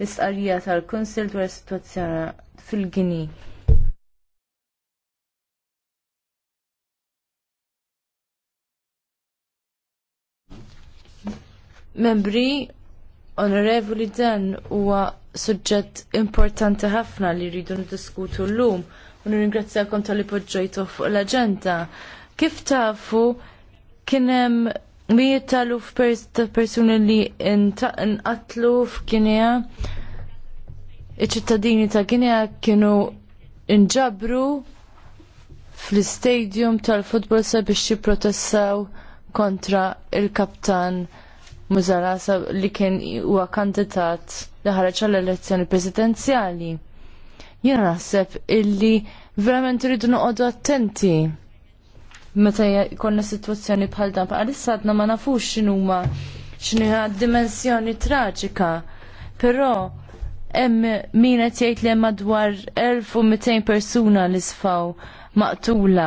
l-istqarrija tal-Kunsil dwar is-sitwazzjoni fil-Gini. Membri, onorevoli dan huwa suġġett importanti ħafna li rridu niddiskutu llum u nirringrazzjakom tal-li fuq l-aġenda. Kif tafu kien hemm Mijiet tal-uf persuni li nqatlu f iċ-ċittadini ta' Kinija kienu nġabru fl-istadium tal-futbol sabiex jipprotestaw kontra il-kaptan Muzara li kien huwa kandidat li ħareġ għall-elezzjoni presidenzjali. Jiena naħseb illi verament rridu noqogħdu attenti meta jkollna sitwazzjoni bħal dan bħalissa għadna ma nafux x'inhuma x'inhi dimensjoni traġika. Però hemm min qed jgħid li hemm madwar 1200 persuna li sfaw maqtula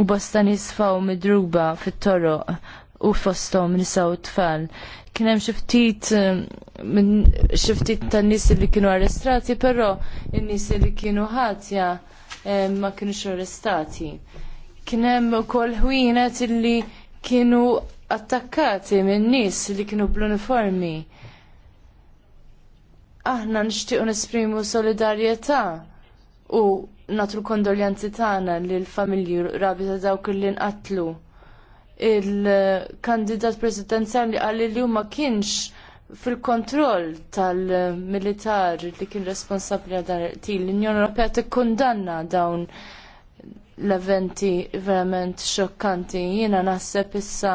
u bosta nisfaw midruba fit-toroq u fosthom nisa tfal. Kien hemm xi ftit eh, tan-nies li kienu arrestati, però n-nies li kienu ħatja eh, ma kienux arrestati. Kien hemm ukoll ħwienet illi kienu attakkati minn nies li kienu bl-uniformi. Aħna nixtiequ nesprimu solidarjetà u nagħtu kondoljanzi tagħna lill familji rabi ta' dawk li nqatlu. Il-kandidat presidenzjali għalli li huma kienx fil-kontroll tal-militar li kien responsabbli għal il l-Unjoni Ewropea tikkundanna dawn l-eventi verament xokkanti. Jiena naħseb issa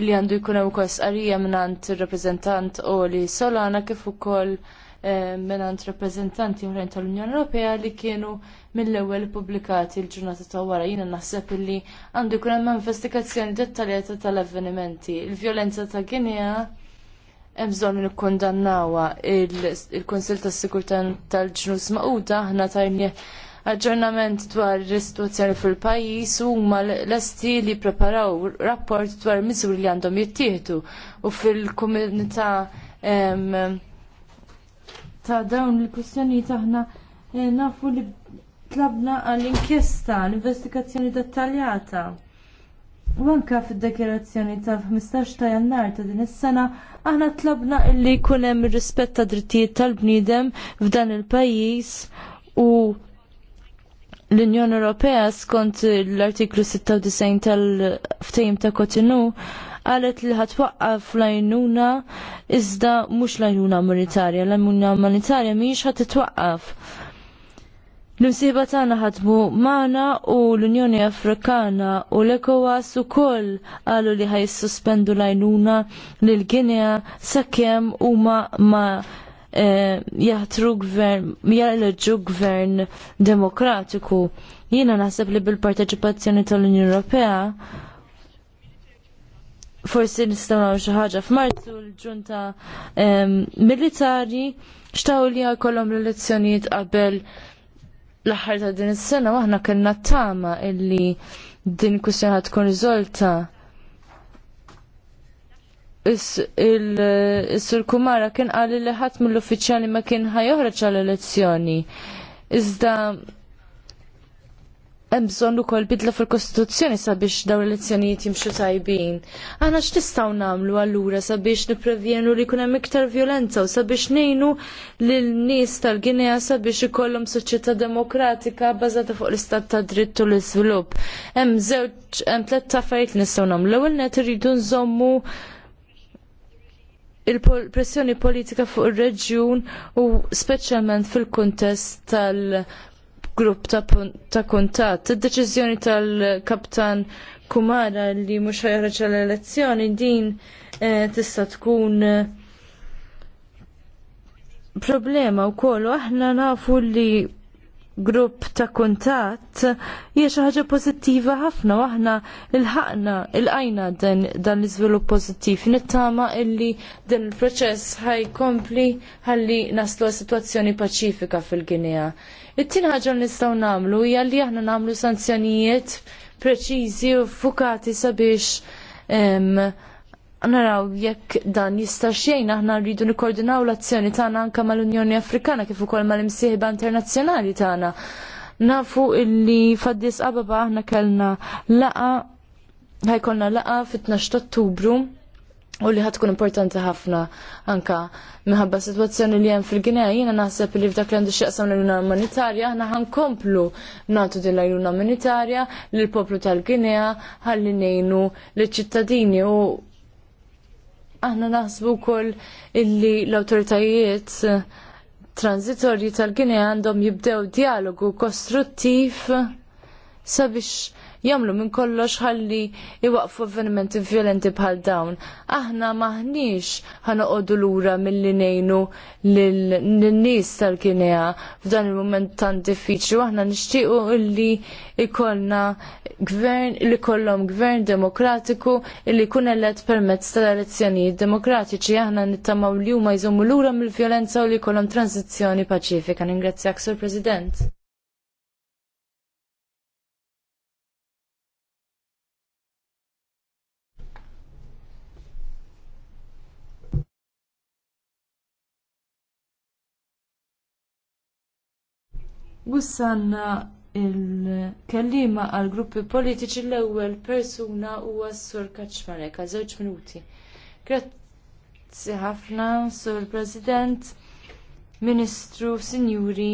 li għandu jkun hemm ukoll sqarrija mingħand ir-rappreżentant Oli Solana kif ukoll eh, mingħand rappreżentanti oħrajn tal-Unjoni Ewropea li kienu mill-ewwel pubblikati l-ġurnata ta' wara. Jiena naħseb li għandu jkun hemm investigazzjoni dettaljata tal-avvenimenti. Il-vjolenza ta' Ginea hemm bżonn nikkundannawha il-Kunsill tas-Sigurtà tal-Ġnus Magħquda aħna tajnie aġġornament dwar l-istituzzjoni fil-pajis u huma l-esti li preparaw rapport dwar miżuri li għandhom jittieħdu u fil-komunità ta' dawn il-kustjoni taħna eh, nafu li tlabna għall-inkjesta, l-investigazzjoni dettaljata. U anka fil dekirazzjoni ta' 15 ta' jannar ta' din is-sena, aħna tlabna illi jkun hemm ir-rispett tad drittijiet tal-bniedem f'dan il-pajjiż u l-Unjoni Ewropea skont l-artiklu 96 tal-ftejm ta' Kotinu għalet li ħatwaqqaf l ajnuna iżda mhux l-għajnuna monetarja, l-għajnuna monetarja miex ħat L-imsiba tagħna ħadmu Mana u l-Unjoni Afrikana u l u ukoll qalu li ħaj ħajssuspendu l-għajnuna lil Ginea sakemm huma ma' Eh, jaħtru gvern, jgħalġu gvern demokratiku. Jiena naħseb li bil-parteċipazzjoni tal-Unjoni Ewropea forsi nistgħu xi ħaġa f'Marzu l-ġunta militari xtaw li jkollhom l-elezzjonijiet qabel l-aħħar ta' din is-sena aħna kellna tama illi din kwistjoni tkun riżolta. Is-Sur Kumara kien għalli li ħadd mill-uffiċjali ma kien ħajoħroġ għall-elezzjoni. Iżda hemm bżonn ukoll bidla fil-Kostituzzjoni sabiex dawn l-elezzjonijiet jimxu tajbin. Aħna x'nistgħu nagħmlu allura sabiex nipprevjenu li jkun hemm iktar violenza u sabiex ngħinu lil nies tal-Ginea sabiex ikollhom soċjetà demokratika bbażata fuq l-istat ta' dritt u l-iżvilupp. Hemm żewġ hemm tliet affarijiet nistgħu nagħmlu. L-ewwel nett irridu nżommu il-pressjoni politika fuq ir-reġjun u speċjalment fil-kuntest tal-grupp ta' kuntatt. Id-deċiżjoni tal-kaptan Kumara li mhux ħajħroġ l-elezzjoni din eh, tista' tkun eh, problema wkoll aħna nafu li grupp ta' kuntatt hija xi ħaġa pożittiva ħafna il aħna il ilqajna dan l-iżvilupp pożittiv. Nittama illi din il-proċess ħajkompli ħalli naslu sitwazzjoni paċifika fil-Ginea. It-tien ħaġa li nistgħu nagħmlu hija li aħna nagħmlu sanzjonijiet preċiżi u fukati sabiex naraw jekk dan jista' xejn aħna rridu nikkoordinaw l-azzjoni tagħna anke mal-Unjoni Afrikana kif ukoll mal-imsieħba internazzjonali tagħna. Nafu illi faddis qababa aħna kellna laqa ħajkolna laqa fit-12 Ottubru u li ħatkun importanti ħafna anka minħabba situazzjoni li hemm fil-Ginea jiena naħseb li f'dak li għandu x'jaqsam l-ajuna umanitarja aħna ħankomplu nagħtu din l-ajuna umanitarja lill poplu tal-Ginea ħalli ngħinu liċ-ċittadini u aħna naħsbu wkoll illi l-awtoritajiet transitorji tal-Ginea għandhom jibdew dialogu kostruttiv sabiex Jamlu minn kollox ħalli iwaqfu avvenimenti violenti bħal dawn. Aħna maħniex ħanoqogħdu lura milli ngħinu l nies tal-Kinea f'dan il-mument tant diffiċli u aħna nixtiequ illi ikolna gvern li kollom gvern demokratiku li jkun elett permezz tal-elezzjonijiet demokratiċi aħna nittamaw li huma jżommu lura mill-vjolenza u li jkollhom tranzizzjoni paċifika. Ningrazzjak, Sur President. Wissanna il-kellima għal gruppi politiċi l-ewwel persuna huwa għassur sur Kaċmarek għal minuti. Grazzi ħafna, sur President, Ministru, Sinjuri.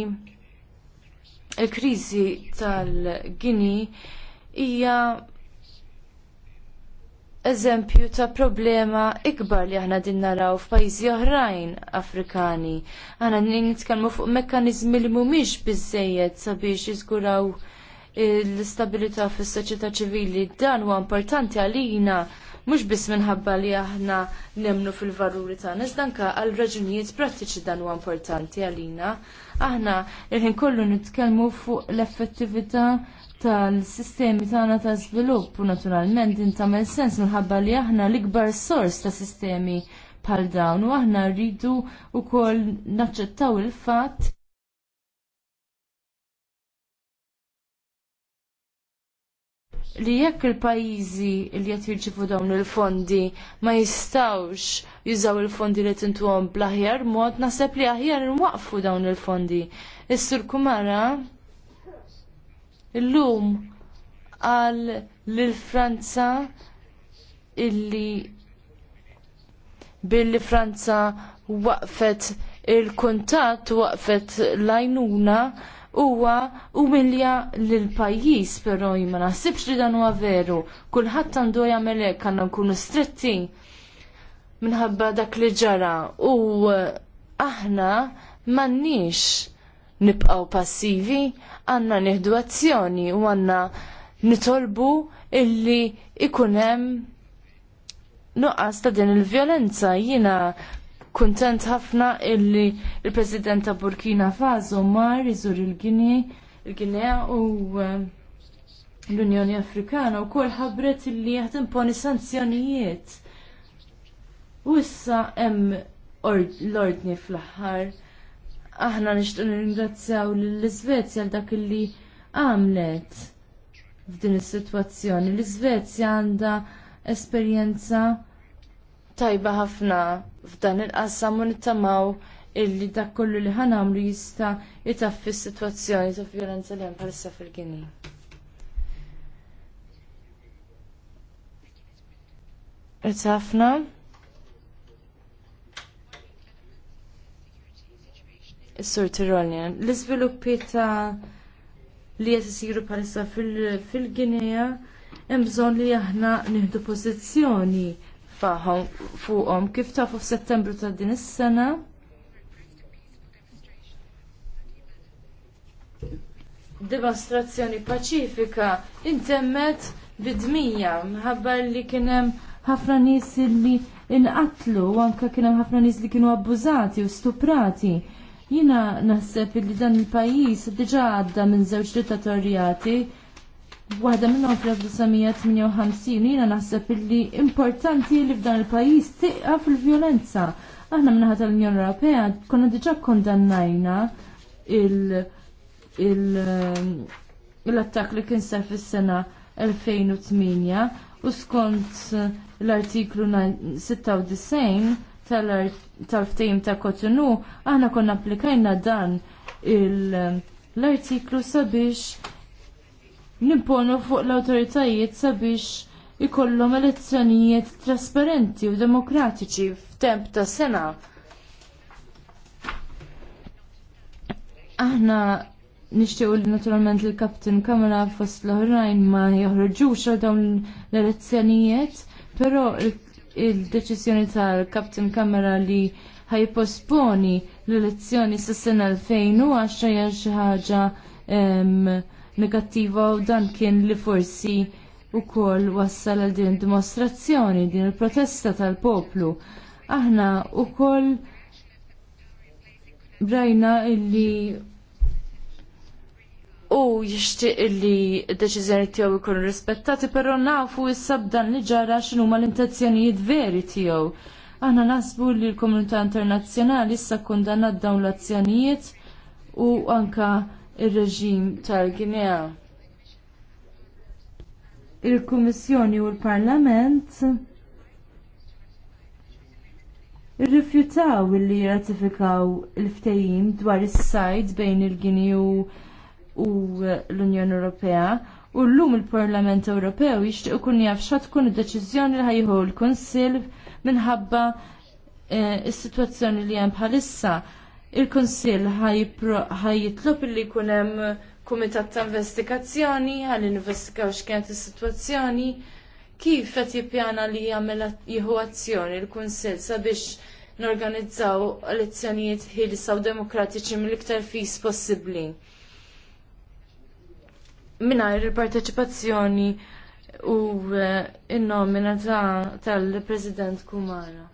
Il-kriżi tal-Gini hija eżempju ta' problema ikbar li aħna din naraw f'pajjiżi oħrajn Afrikani. Aħna nitkellmu fuq mekkaniżmi li mhumiex biżejjed sabiex jiżguraw l-istabilità fis-soċjetà ċivili dan huwa importanti għalina mhux biss minħabba li aħna nemnu fil-valuri tagħna, iżda anke għal raġunijiet prattiċi dan huwa importanti għalina. Aħna irħin kollu nitkellmu fuq l-effettività tal-sistemi tagħna ta' żvilupp u naturalment din tagħmel sens minħabba li aħna l-ikbar sors ta' sistemi bħal dawn u aħna rridu wkoll naċċettaw il-fatt li jekk il pajjiżi li qed jirċifu dawn il-fondi ma jistgħux jużaw il-fondi li tintuhom bl-aħjar mod naħseb li aħjar nwaqfu dawn il-fondi. Is-Sur Kumara Illum qal lil Franza illi billi Franza waqfet il-kuntat waqfet l-għajnuna huwa umilja lil pajjiż però jien ma naħsibx li dan huwa veru. Kulħadd għandu jagħmel hekk għandna nkunu stretti minħabba dak li ġara u aħna m'għandniex nibqaw passivi, għanna nieħdu azzjoni u għanna nitolbu illi ikunem nuqqas ta' din il-violenza. Jina kuntent ħafna illi il-President ta' Burkina Faso mar iżur il-Gini, il-Ginea u eh, l-Unjoni Afrikana u kol ħabret illi poni sanzjonijiet. U issa hemm l-ordni fl-aħħar aħna nixtieq nirringrazzjaw lill izvezja għal dak li għamlet f'din is-sitwazzjoni. L-Iżvezja għandha esperjenza tajba ħafna f'dan il-qasam u nittamaw illi dak kollu li ħanamlu jista' jitaffi s-sitwazzjoni ta' violenza li hemm bħalissa fil-Gini. Irtafna. sur Tiroljan. L-iżviluppi ta' li qed siru bħalissa fil-Ginea hemm bżonn li aħna nieħdu pożizzjoni fuqhom. Kif fuq f'Settembru ta' din is-sena? Demonstrazzjoni paċifika intemmet bidmija mħabbar li kien hemm ħafna nies li inqatlu u anke kien hemm ħafna nies li kienu abbużati u stuprati. Jina naħseb li dan il-pajis diġa għadda minn żewġ dittatorjati Waħda minnhom fl-1958 jiena naħseb illi importanti li f'dan il-pajjiż tiqa fil-vjolenza. Aħna minnaħa tal-Unjoni Ewropea konna diġà kondannajna um, l-attak li kien sar fis-sena 2008 u skont l-artiklu 96 tal-art tal-ftejim ta' Kotonu, aħna konna applikajna dan l-artiklu sabiex nimponu fuq l-autoritajiet sabiex ikollhom elezzjonijiet trasparenti u demokratiċi f'temp ta' sena. Aħna nixtiequ li naturalment il kapten Kamala fost l-oħrajn ma joħorġux għal dawn l-elezzjonijiet, però il il-deċizjoni tal-Kapten Kamera li ħajposponi l-elezzjoni s-sena 2010 għaxa xi ħaġa negattiva u dan kien li forsi wkoll wassal għal din dimostrazzjoni, din il-protesta tal-poplu. Aħna wkoll brajna illi u jixtieq li deċizjoni tiegħu jkunu rispettati, però nafu issa sabdan li ġara x'inhuma l-intenzjonijiet veri tiegħu. Aħna nasbu li l-komunità internazzjonali issa kundannat dawn l-azzjonijiet u anka ir-reġim tal-Ginea. Il-Kummissjoni u l-Parlament irrifjutaw li jirratifikaw il-ftehim dwar is-sajd bejn il-Gini u u l-Unjoni Ewropea u llum il-Parlament Ewropew jixtieq ikun jaf x'għad tkun id-deċiżjoni li ħajħu l-Kunsill minħabba eh, s sitwazzjoni li hemm bħalissa. Il-Kunsill ħajjitlob li jkun hemm kumitat ta' investigazzjoni ħalli investigaw x'kienet is-sitwazzjoni kif qed jippjana li jagħmel jieħu azzjoni l-Kunsill sabiex norganizzaw elezzjonijiet ħilsa u demokratiċi mill-iktar fis possibbli minar il-parteċipazzjoni u eh, il-nomina tal-President Kumara.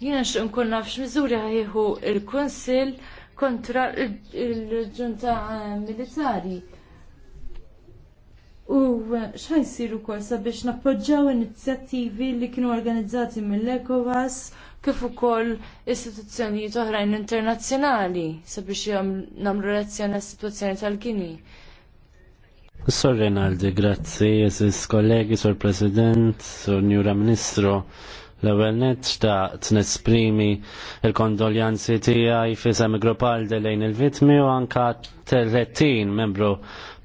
Jina nkun naf x'miżuri ħajħu il-Kunsill kontra il-ġunta eh, militari. U eh, x'ħajsir kol sabiex nappoġġaw inizjattivi li kienu organizzati mill ekovas kif ukoll istituzzjonijiet oħrajn internazzjonali sabiex nagħmlu reazzjoni għas-sitwazzjoni tal kini Sor Renaldi, grazzi, jesis kollegi, sor President, sor Njura Ministru, L-ewwel nett xtaqt nesprimi l-kondoljanzi tiegħi fisem Grupal lejn il-vitmi u anka terrettin membru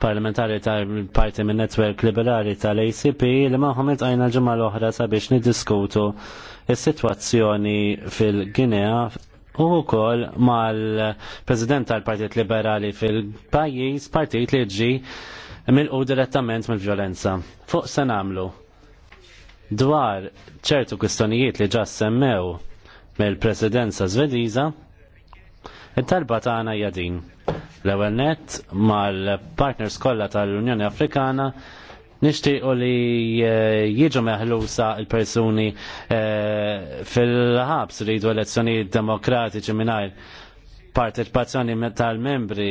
parlamentari tal-parti minn Netwerk Liberali tal-ACP li magħhom għajna ġimgħa l-oħra sabiex niddiskutu s sitwazzjoni fil-Ginea u wkoll mal-President tal-Partit Liberali fil-pajjiż, partit li ġi mill direttament mill-vjolenza. Fuq se nagħmlu dwar ċertu kwistjonijiet li ġa semmew mill-presidenza Svediża, it-talba tagħna hija din. L-ewwel nett mal-partners kollha tal-Unjoni Afrikana nixtiequ li eh, jiġu meħlusa il-persuni eh, fil-ħabs li jdu elezzjonijiet demokratiċi mingħajr partecipazzjoni tal-membri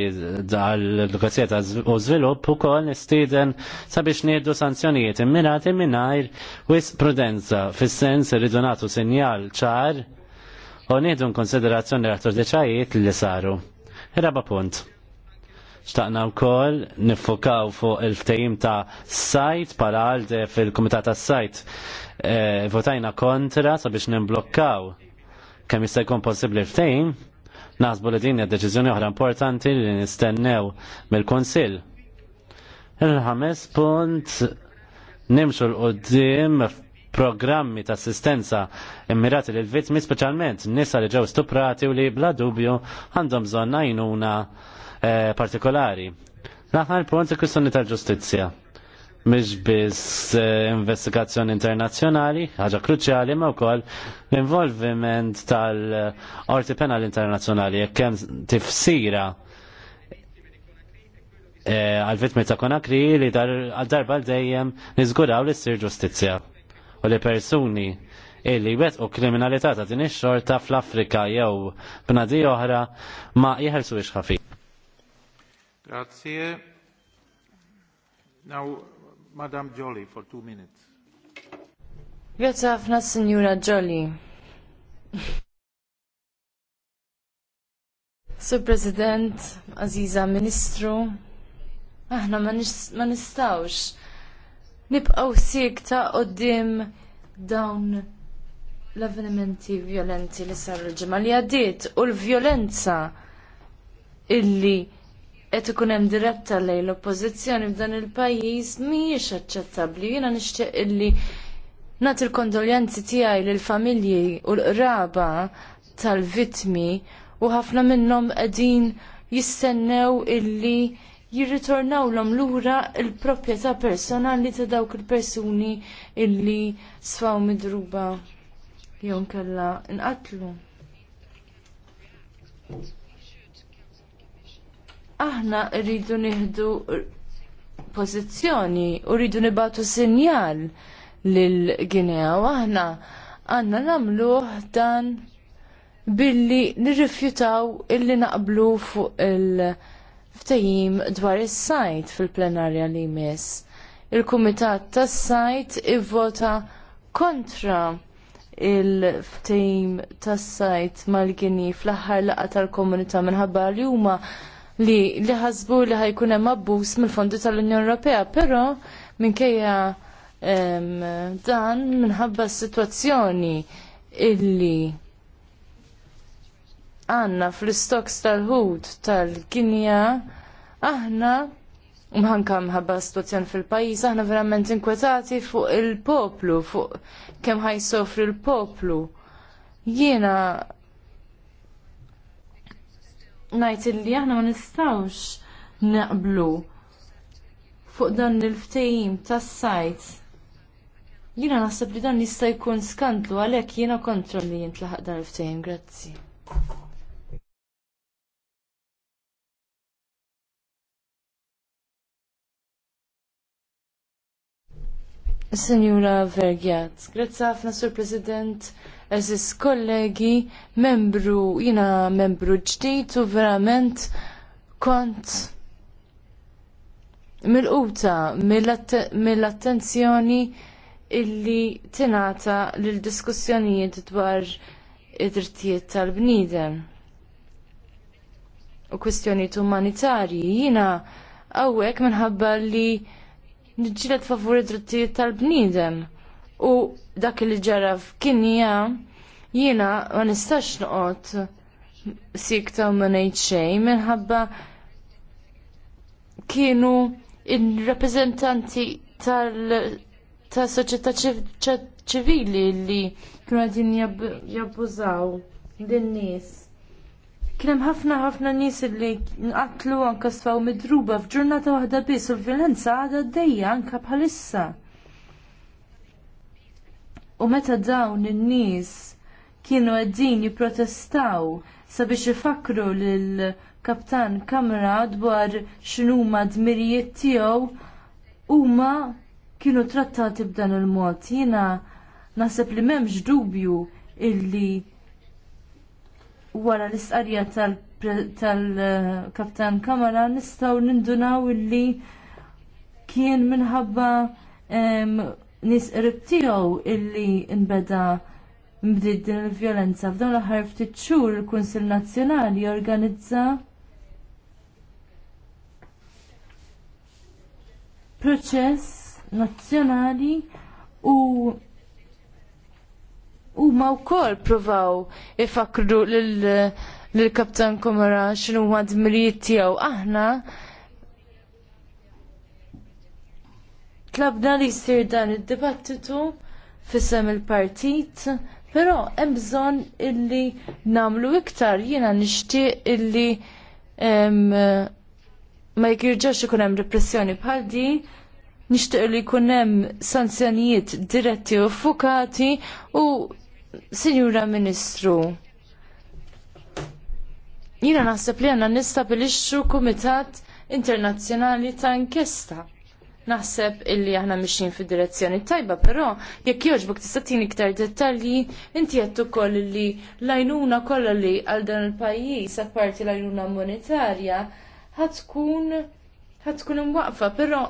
tal edukazzjoni u żvilupp ukoll nistieden sabiex ngħidu sanzjonijiet immirati mingħajr wis prudenza fis-sens irridu nagħtu sinjal ċar u nieħdu konsiderazzjoni l deċajiet li saru. Raba punt xtaqna wkoll niffokaw fuq il-ftehim ta' sajt pala għalde fil-Kumitat ta' sajt eh, votajna kontra sabiex nimblokkaw kemm jista' jkun possibbli ftehim Nasbu li din id deċiżjoni oħra importanti li nistennew mill-Kunsill. Il-ħames punt nimxu l-qoddim programmi ta' assistenza immirati lil vittmi speċjalment nisa li ġew stuprati u li bla dubju għandhom bżonn għajnuna eh, partikolari. L-aħħar punt il-kwistjoni tal-ġustizzja mhix biss eh, investigazzjoni internazzjonali, ħaġa kruċjali ma wkoll l-involviment tal-Orti Penali Internazzjonali jekk hemm tifsira eh, għal-vitmi ta' konakri li għal-darba l-dejjem niżguraw li ssir ġustizzja u li persuni illi wet u kriminalità ta' din ix-xorta fl-Afrika jew b'nadi oħra ma jħelsu ixħafi. Grazie. Now, Madam Jolly for two minutes. Grazie ħafna Signora Jolly. Sur President, Aziza Ministru, aħna ma nistawx nibqaw ta' qoddim dawn l-avvenimenti violenti li saru l-ġemma li għaddiet u l-violenza illi qed ikun hemm diretta lejn l-oppożizzjoni f'dan il-pajjiż mhijiex aċċettabbli. Jiena nixtieq illi nagħti l-kondoljanzi tiegħi lill-familji u l-qraba tal-vittmi u ħafna minnhom qegħdin jistennew illi jirritornawlhom lura l-proprjetà personali ta' dawk il-persuni illi sfaw midruba jew nkella nqatlu aħna rridu nieħdu pożizzjoni u rridu nibatu sinjal lil Ginea u aħna għandna nagħmluh dan billi nirrifjutaw illi naqblu fuq il-ftajim dwar is-sajt fil-plenarja li jmiss. Il-Kumitat tas-sajt ivvota kontra il ftehim tas-sajt mal-Gini fl-aħħar laqgħa tal-komunità minħabba li huma li li ħasbu li ħajkun hemm abbuż mill-fondi tal-Unjoni Ewropea, però minkejja dan minħabba s-sitwazzjoni illi għanna fl-istoks tal-ħut tal-Kinja, aħna Mħanka mħabba situazzjoni fil-pajis, aħna verament inkwetati fuq il-poplu, fuq kem ħaj sofri il-poplu. Jiena najt illi aħna ma nistawx naqblu fuq dan il ftejim tas-sajt. Jiena naħseb li dan jista' jkun skandlu għalhekk jiena kontra li jintlaħaq dan il ftejim grazzi. Signora Vergiat, grazie ħafna, Sur President eżis kollegi, membru, jina membru ġdijt u verament kont mil quta mill-attenzjoni illi tinata l-diskussjonijiet dwar id-drittijiet tal-bnidem u kwistjonijiet umanitarji. Jina għawek minħabba li nġilet favur id-drittijiet tal-bnidem u dak li kien hija, jiena ma nistax noqgħod sikta ma ngħid xejn minħabba kienu il-rappreżentanti tal ta' soċjetà ċivili li kienu għadin jabbużaw din nies Kien hemm ħafna ħafna nies li nqatlu anke sfaw midruba f'ġurnata waħda biss u l-violenza għadha dejja anke bħalissa. U meta dawn in-nies kienu għeddin jipprotestaw sabiex ifakru lil kaptan kamra dwar x'inhuma dmirijiet tiegħu huma kienu trattati b'dan il-mod. Jiena naħseb li m'hemmx dubju illi wara l-isqarja tal-kaptan tal kamra nistgħu nindunaw illi kien minħabba nis tiegħu illi nbeda mbdid din il-violenza f'dawn l-aħħar ftit xhur il kunsill Nazzjonali organizza proċess nazzjonali u huma wkoll provaw ifakru lill-Kaptan Komara d dmirijiet tiegħu aħna tlabna li jsir dan id-dibattitu fissem il-partit, però hemm bżonn illi nagħmlu iktar jiena nixtieq illi ma jkirġax ikun hemm repressjoni bħal din nixtieq li jkun hemm sanzjonijiet diretti u fukati u Sinjura Ministru, jiena naħseb li għandna nistabilixxu Kumitat Internazzjonali ta' Inkjesta naħseb illi aħna mixin fid direzzjoni tajba, però jekk jogħġbok tista' tini iktar dettalji, inti jattu ukoll li l-għajnuna kollha li għal dan il-pajjiż apparti l-għajnuna monetarja ħatkun ħatkun imwaqfa, però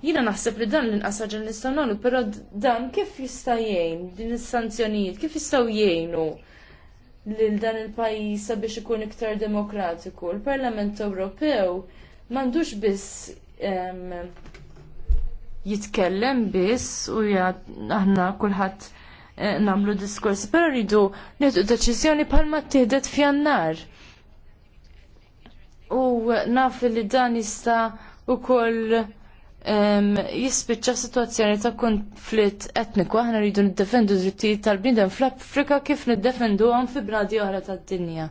jiena naħseb li dan l-inqas ħaġa nistgħu nagħmlu, però dan kif jista' jgħin din is-sanzjonijiet, kif jistgħu jgħinu lil dan il-pajjiż sabiex ikun iktar demokratiku. Il-Parlament Ewropew m'għandux biss jitkellem biss u aħna kulħadd eh, namlu diskors, pero rridu nieħdu deċiżjoni bħalma tieħdet f'jannar. U naf li dan jista' ukoll jispiċċa situazzjoni ta' konflitt etniku aħna rridu niddefendu drittijiet tal-bniedem fl-Afrika kif niddefendu fi bladi oħra tad-dinja.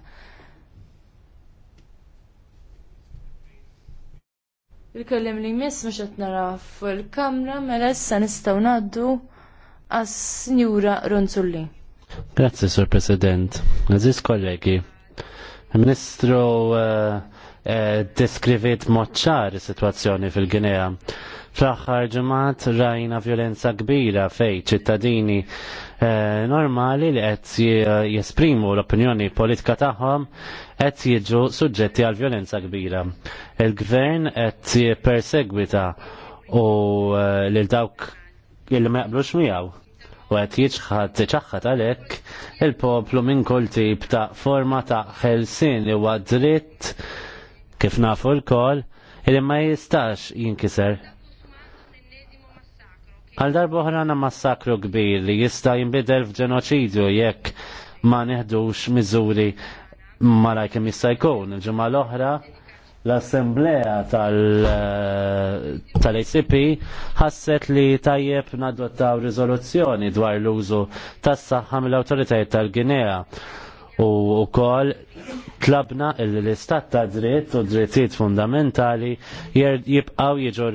Il-kellim li jmiss mhux qed nara fil-kamra mela issa nistgħu ngħaddu għas-Sinjura Ronzulli. Grazzi, Sur President. Għaziz kollegi, il Ministru eh, eh, deskrivit moċċar is-sitwazzjoni fil-Ginea Fl-aħħar ġemat rajna violenza kbira fej ċittadini eh, normali li qed jesprimu l-opinjoni politika tagħhom qed jiġu suġġetti għal violenza kbira. Il-gvern qed jippersegwita u eh, lil dawk illi ma jaqblux miegħu u qed jiġħad tiċaħħad għalhekk il-poplu minn kull tip ta' forma ta' ħelsin li huwa dritt kif nafu l-kol li ma jistax jinkiser. Għal darba ħrana massakru kbir li jista jimbidel f'ġenoċidju jekk ma neħdux miżuri malaj kemm jista' jkun. Il-ġimgħa l-oħra l-assemblea eh, tal-ACP ħasset li tajjeb nadottaw riżoluzzjoni dwar l-użu tas-saħħa mill-awtoritajiet tal-Ginea. tal ginea u wkoll tlabna l-istat ta' dritt u drittijiet fundamentali jibqaw jiġu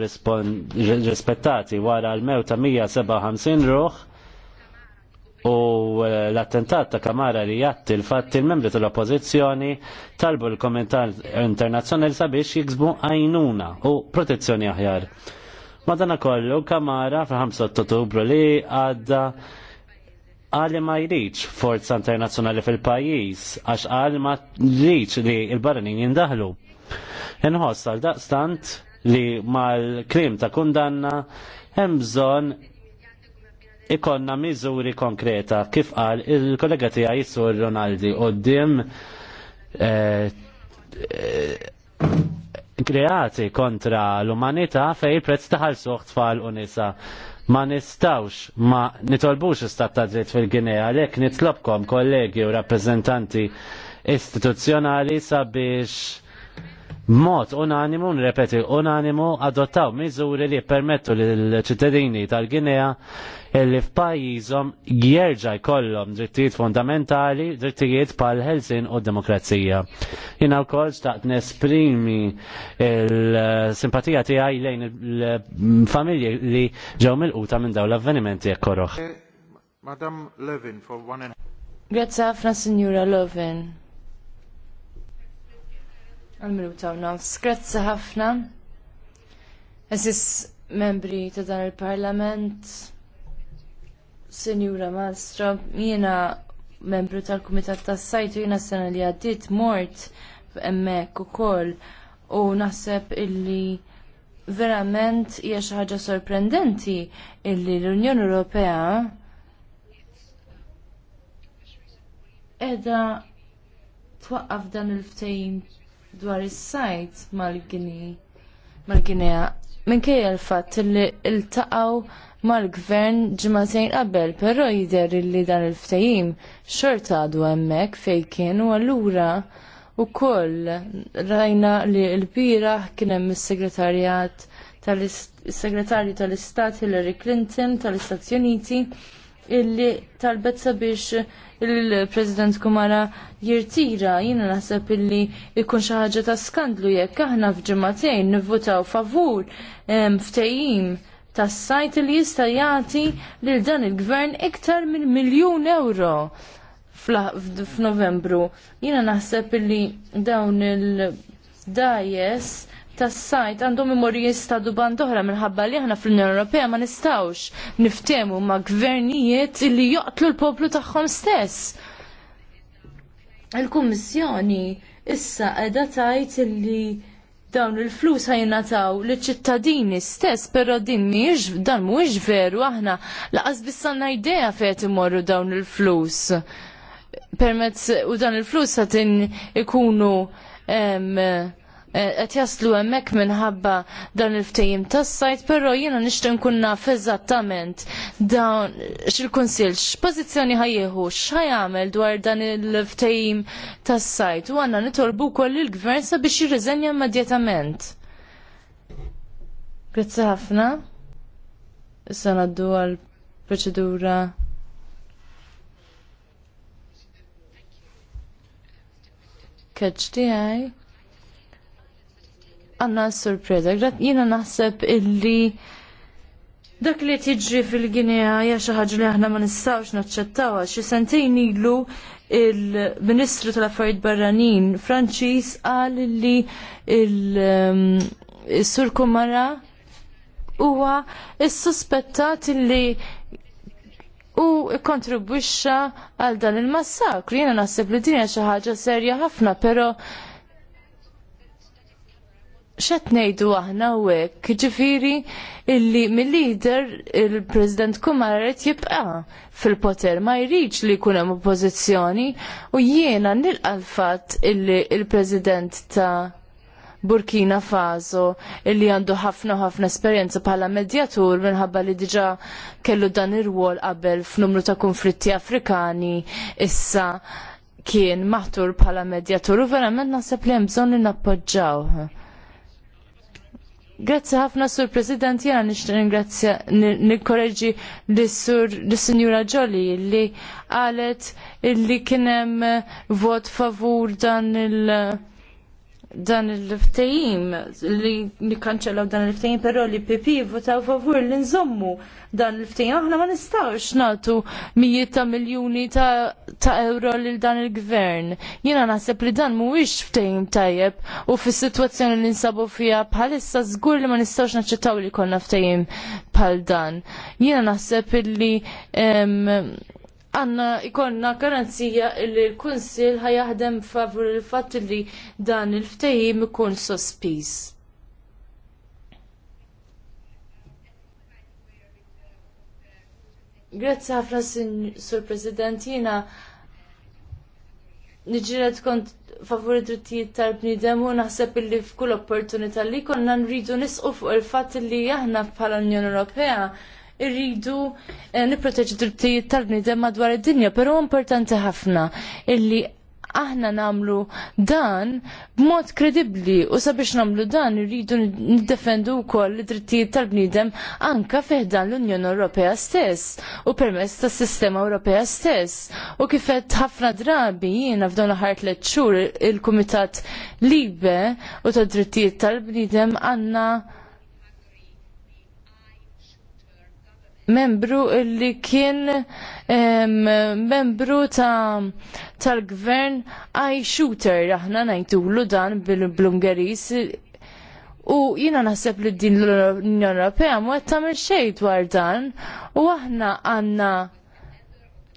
rispettati wara l-mew ta' 157 ruħ u l-attentat ta' Kamara li jatti l-fatti l membri tal-oppozizjoni talbu l-komentar internazzjonali sabiex jiksbu għajnuna u protezzjoni aħjar. Madana kollu Kamara fl-5 ottobru li għadda għali ma jriċ forza internazzjonali fil-pajis, għax għali ma jriċ li il-barranin jindahlu. Nħoss għal daqstant li mal-krim ta' kundanna hemm bżonn ikonna miżuri konkreta kif qal il-kollega tiegħi sur Ronaldi qudiem eh, eh, kreati kontra l-umanità fej prezz taħal suħt tfal u nisa ma nistawx, ma nitolbux istat ta' dritt fil-Ginea, għalhekk nitlobkom kollegi u rappreżentanti istituzzjonali sabiex mod unanimu, nrepeti unanimu, adottaw miżuri li permettu l-ċittadini tal-Ginea li f'pajjiżhom jerġa' jkollhom drittijiet fundamentali, drittijiet pal ħelsin u demokrazija. Jina wkoll staqt nesprimi l-simpatija tiegħi lejn il-familji li ġew milquta minn dawn l-avvenimenti ekkoroħ. Madam Levin, for one and Grazie, Fra Signora Għal-minuta u ħafna. Eżis membri ta' dan il-parlament, Senjura Mastro, jiena membru tal-Kumitat tas-Sajtu jiena sena li għaddiet mort hemmhekk ukoll u naħseb illi verament hija xi ħaġa sorprendenti illi l-Unjoni Ewropea qiegħda twaqqaf dan il ftejn dwar is-sajt mal-Gini mal-Ginea minkejja l-fatt li iltaqgħu mal-gvern ġimagħtejn qabel, però jidher li dan il-ftehim xorta għadu hemmhekk fejn kien u allura wkoll rajna li l biraħ kien hemm is-segretarjat tal-segretarju tal-Istat Hillary Clinton tal-Istati Uniti illi talbet sabiex il-President Kumara jirtira, jina naħseb illi ikun xaħġa ta' skandlu jekk aħna fġimatejn nivvotaw favur ftejim ta' sajt li jista' jagħti lil dan il-gvern iktar minn miljun euro f'Novembru. Jina naħseb illi dawn il-dajes tas-sajt għandhom imorru ta' duban oħra minħabba li aħna fl-Unjoni Ewropea ma nistgħux niftemu ma' gvernijiet li joqtlu l-poplu tagħhom stess. Il-Kummissjoni issa qiegħda tgħid li dawn il-flus ħajnataw li ċittadini stess, pero din miġ, dan mhuwiex veru, aħna laqas bissanna idea fejt imorru dawn il-flus. Permezz u dan il-flus għatin ikunu qed jaslu hemmhekk minħabba dan il-ftehim tas-sajt, però jiena nixtieq nkun naf eżattament dawn x'il-kunsill x'pożizzjoni ħajjieħu jagħmel dwar dan il-ftehim tas-sajt u għandna nitolbu wkoll il-gvern sabiex jirriżenja immedjatament. Grazzi ħafna. Issa ngħaddu għal proċedura catch the eye għanna s-surpreza. Jina naħseb illi dak li tiġri fil-Ginea ja xi ħaġa li aħna ma nistgħux naċċettawha xi sentejn ilu il-Ministru tal-Affarijiet Barranin Franċiż qal li il-Sur um, Kumara huwa is-suspettat li u kontribwixxa għal dan il-massakru. Jiena naħseb li din hija xi ħaġa serja ħafna, però xet nejdu aħna u għek, ġifiri illi mill-lider il-President Kumaret jibqa fil-poter, ma jriċ li kunem oppozizjoni u jiena nil qalfat illi il-President ta' Burkina Faso illi għandu ħafna ħafna esperjenza bħala medjatur minħabba li diġa kellu dan ir wol qabel f'numru ta' konflitti Afrikani issa kien maħtur bħala medjatur u verament naħseb li hemm bżonn li nappoġġawh Grazzi ħafna sur President jena nixtieq ningrazzja nikkoreġi lis-sur lis-Sinjura Ġoli li qalet illi kien hemm vot favur dan il- dan il-ftejim li nikkanċellaw dan il-ftejim però li PP votaw favur li nżommu dan il-ftejim aħna ma nistgħux nagħtu mijiet ta' miljuni ta', ta euro lil dan il-gvern. Jiena naħseb li dan mhuwiex ftejim tajjeb u fis-sitwazzjoni li nsabu fija bħalissa żgur li ma nistgħux naċċettaw li konna ftejim bħal dan. Jiena naħseb li għanna ikonna garanzija li l-Kunsil ħajaħdem favur il fat li dan il-ftehim ikun sospiż. Grazzi ħafna sur President jina niġiret kont favur id-drittijiet tal-bnidem u naħseb illi f'kull opportunità li konna nridu nisqu fuq il fat li aħna bħala Unjoni Ewropea irridu eh, niproteġi drittijiet tal-bnidem madwar id-dinja, però importanti ħafna illi aħna namlu dan b'mod kredibbli u sabiex namlu dan irridu niddefendu wkoll id-drittijiet tal bnidem anka fiħdan l-Unjoni Ewropea stess u permezz tas-sistema Ewropea stess. U kifet ħafna drabi jiena f'dawn l tliet xhur il-Kumitat Libe u tad-drittijiet tal bnidem għandna membru li kien membru ta' tal-gvern għaj shooter aħna ngħidulu dan bil-Blungeris u jina naħseb li din l-Unjoni Ewropea ma tagħmel xejn dwar dan u aħna għandna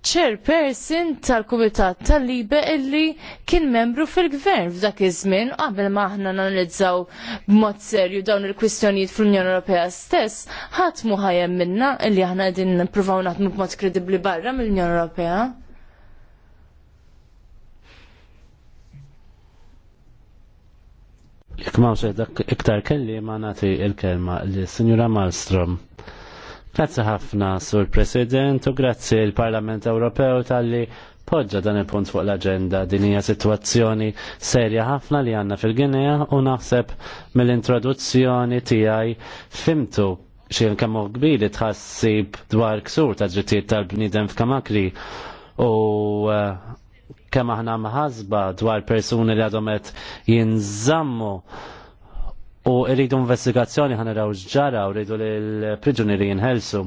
chairperson tal-Kumitat tal-Libe illi kien membru fil-Gvern f'dak iż-żmien qabel ma aħna nanalizzaw b'mod serju dawn il-kwistjonijiet fl-Unjoni Ewropea stess, ħadd mu ħajem minna illi aħna qegħdin nippruvaw naħdmu b'mod kredibbli barra mill-Unjoni Ewropea. Jekk ma' iktar kelli ma' nagħti l kelma li Sinjura Malmstrom. Grazzi ħafna, Sur President, u grazzi l-Parlament Ewropew tal-li poġġa dan il-punt fuq l-agenda din hija sitwazzjoni serja ħafna li għandna fil-Ginea u naħseb mill-introduzzjoni tiegħi fimtu xien nkemmu kbiri tħassib dwar ksur ta' drittijiet tal-bniedem f'Kamakri u eh, kemm aħna ħasba dwar persuni li għadhom qed jinżammu u rridu investigazzjoni ħan raw ġara u rridu li l prigjoneri jinħelsu.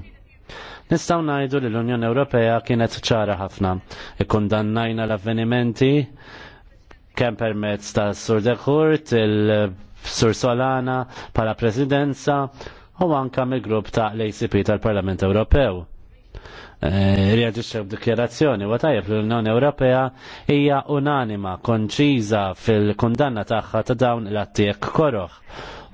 Nistaw najdu li l-Unjoni Ewropea kienet ċara ħafna. Ikkondannajna l-avvenimenti kemm permezz ta' Sur Kurt, il-Sur Solana, pala Presidenza u anka mill-grupp ta' l-ACP tal-Parlament Ewropew. Eh, reagġiċċa b'dikjerazzjoni u tajjeb l-Unjoni Ewropea hija unanima konċiża fil-kundanna tagħha ta' dawn l-attiek koroħ.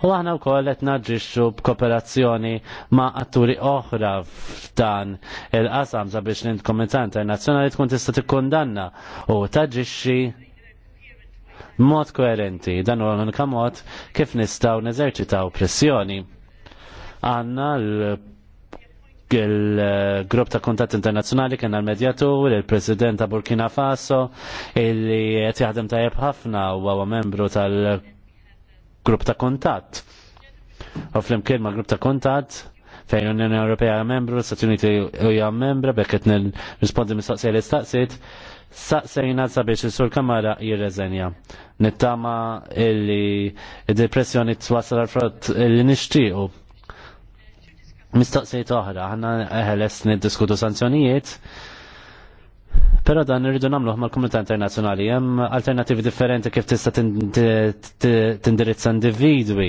U aħna wkoll qed naġġiċu b'kooperazzjoni ma' atturi oħra f'dan il-qasam sabiex l-Komunità Internazzjonali tkun tista' tikkundanna u taġġiċi mod koerenti dan u l-unika mod kif nistgħu neżerċitaw pressjoni għanna l il-grupp eh, ta' kontat internazjonali kien l medjatur il-president ta' Burkina Faso, illi qed jaħdem tajjeb ħafna u huwa membru tal-grupp ta' kontat. U flimkien ma' grupp ta' kontat, fejn l-Unjoni Ewropea membru, l-Stati Uniti hija membra bekk qed nirrispondi mistoqsija li staqsit, saqsejna sabiex il-sur kamara jirreżenja. Nittama illi id-depressjoni twasal għal-frott li nixtiequ Mistoqsijiet oħra, ħanna eħeles niddiskutu sanzjonijiet, pero dan irridu nagħmluh mal-komunità internazzjonali, hemm alternativi differenti kif tista' tindirizza individwi,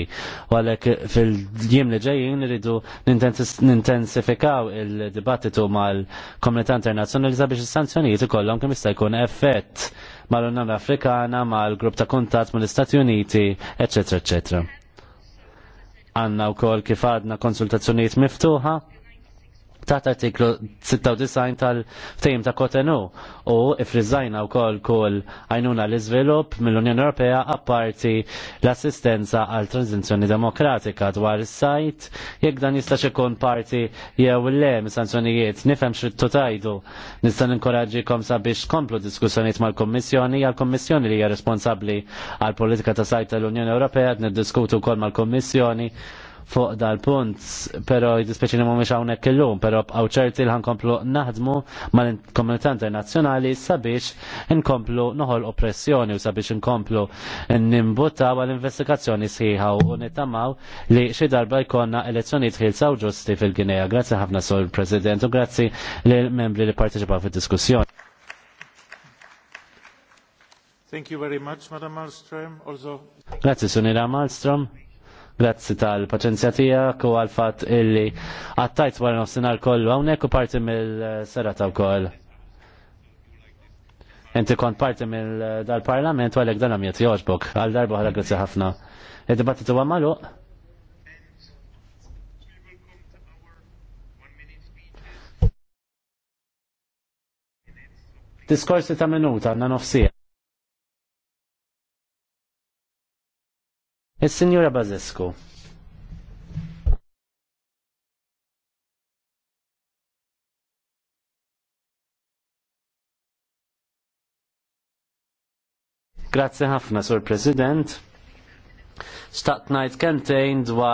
u għalhekk fil-jiem li ġejjin irridu nintensifikaw il-dibattitu mal-komunità internazzjonali sabiex is-sanzjonijiet ikollhom kemm jista' jkun effett mal-Unjoni Afrikana, mal-grupp ta' kuntatt mal-Istati Uniti, eċetera, eċetera. Għanna u kol kif għadna konsultazzjoniet miftuħa taħt artiklu 96 tal-ftejm ta' Kotenu u ifrizzajna u kol kull għajnuna l-izvilup mill-Unjoni Ewropea apparti l-assistenza għal tranzizjoni demokratika dwar is-sajt jek dan jistax ikun parti jew le mis-sanzjonijiet nifhem xrittu tajdu nista' kom sabiex komplu diskussjonijiet mal-Kommissjoni għal-Kommissjoni li hija responsabbli għal politika ta' sajt tal-Unjoni Ewropea qed niddiskutu wkoll mal-Kommissjoni fuq dal-punt, pero jidispeċi li mhumiex hawnhekk illum, pero bqgħu ċerti ħan komplu naħdmu mal-komunità internazzjonali sabiex nkomplu noħol oppressjoni u sabiex inkomplu nimbuta għal investigazzjoni sħiħa u nittamaw li xi darba jkollna elezzjoni tħilsaw ġusti fil-Ginea. Grazzi ħafna Sur President u grazzi lill membri li parteċipaw fid-diskussjoni. Thank you very much, Madam Malmström. Also... Grazie, Sunira Malmström. Grazzi tal-paċenzja tijak u għal-fat illi għattajt wara nofsinar kollu għawnek u parti mill-serata u koll. Inti kont parti mill-dal-parlament u għalek dan għamiet joġbok għal-darba għal grazzi ħafna. Id-dibattitu għamalu? Diskorsi ta' minuta għanna nofsija. Il-Sinjura Bazescu. Grazie ħafna, Sur President. Stat night contained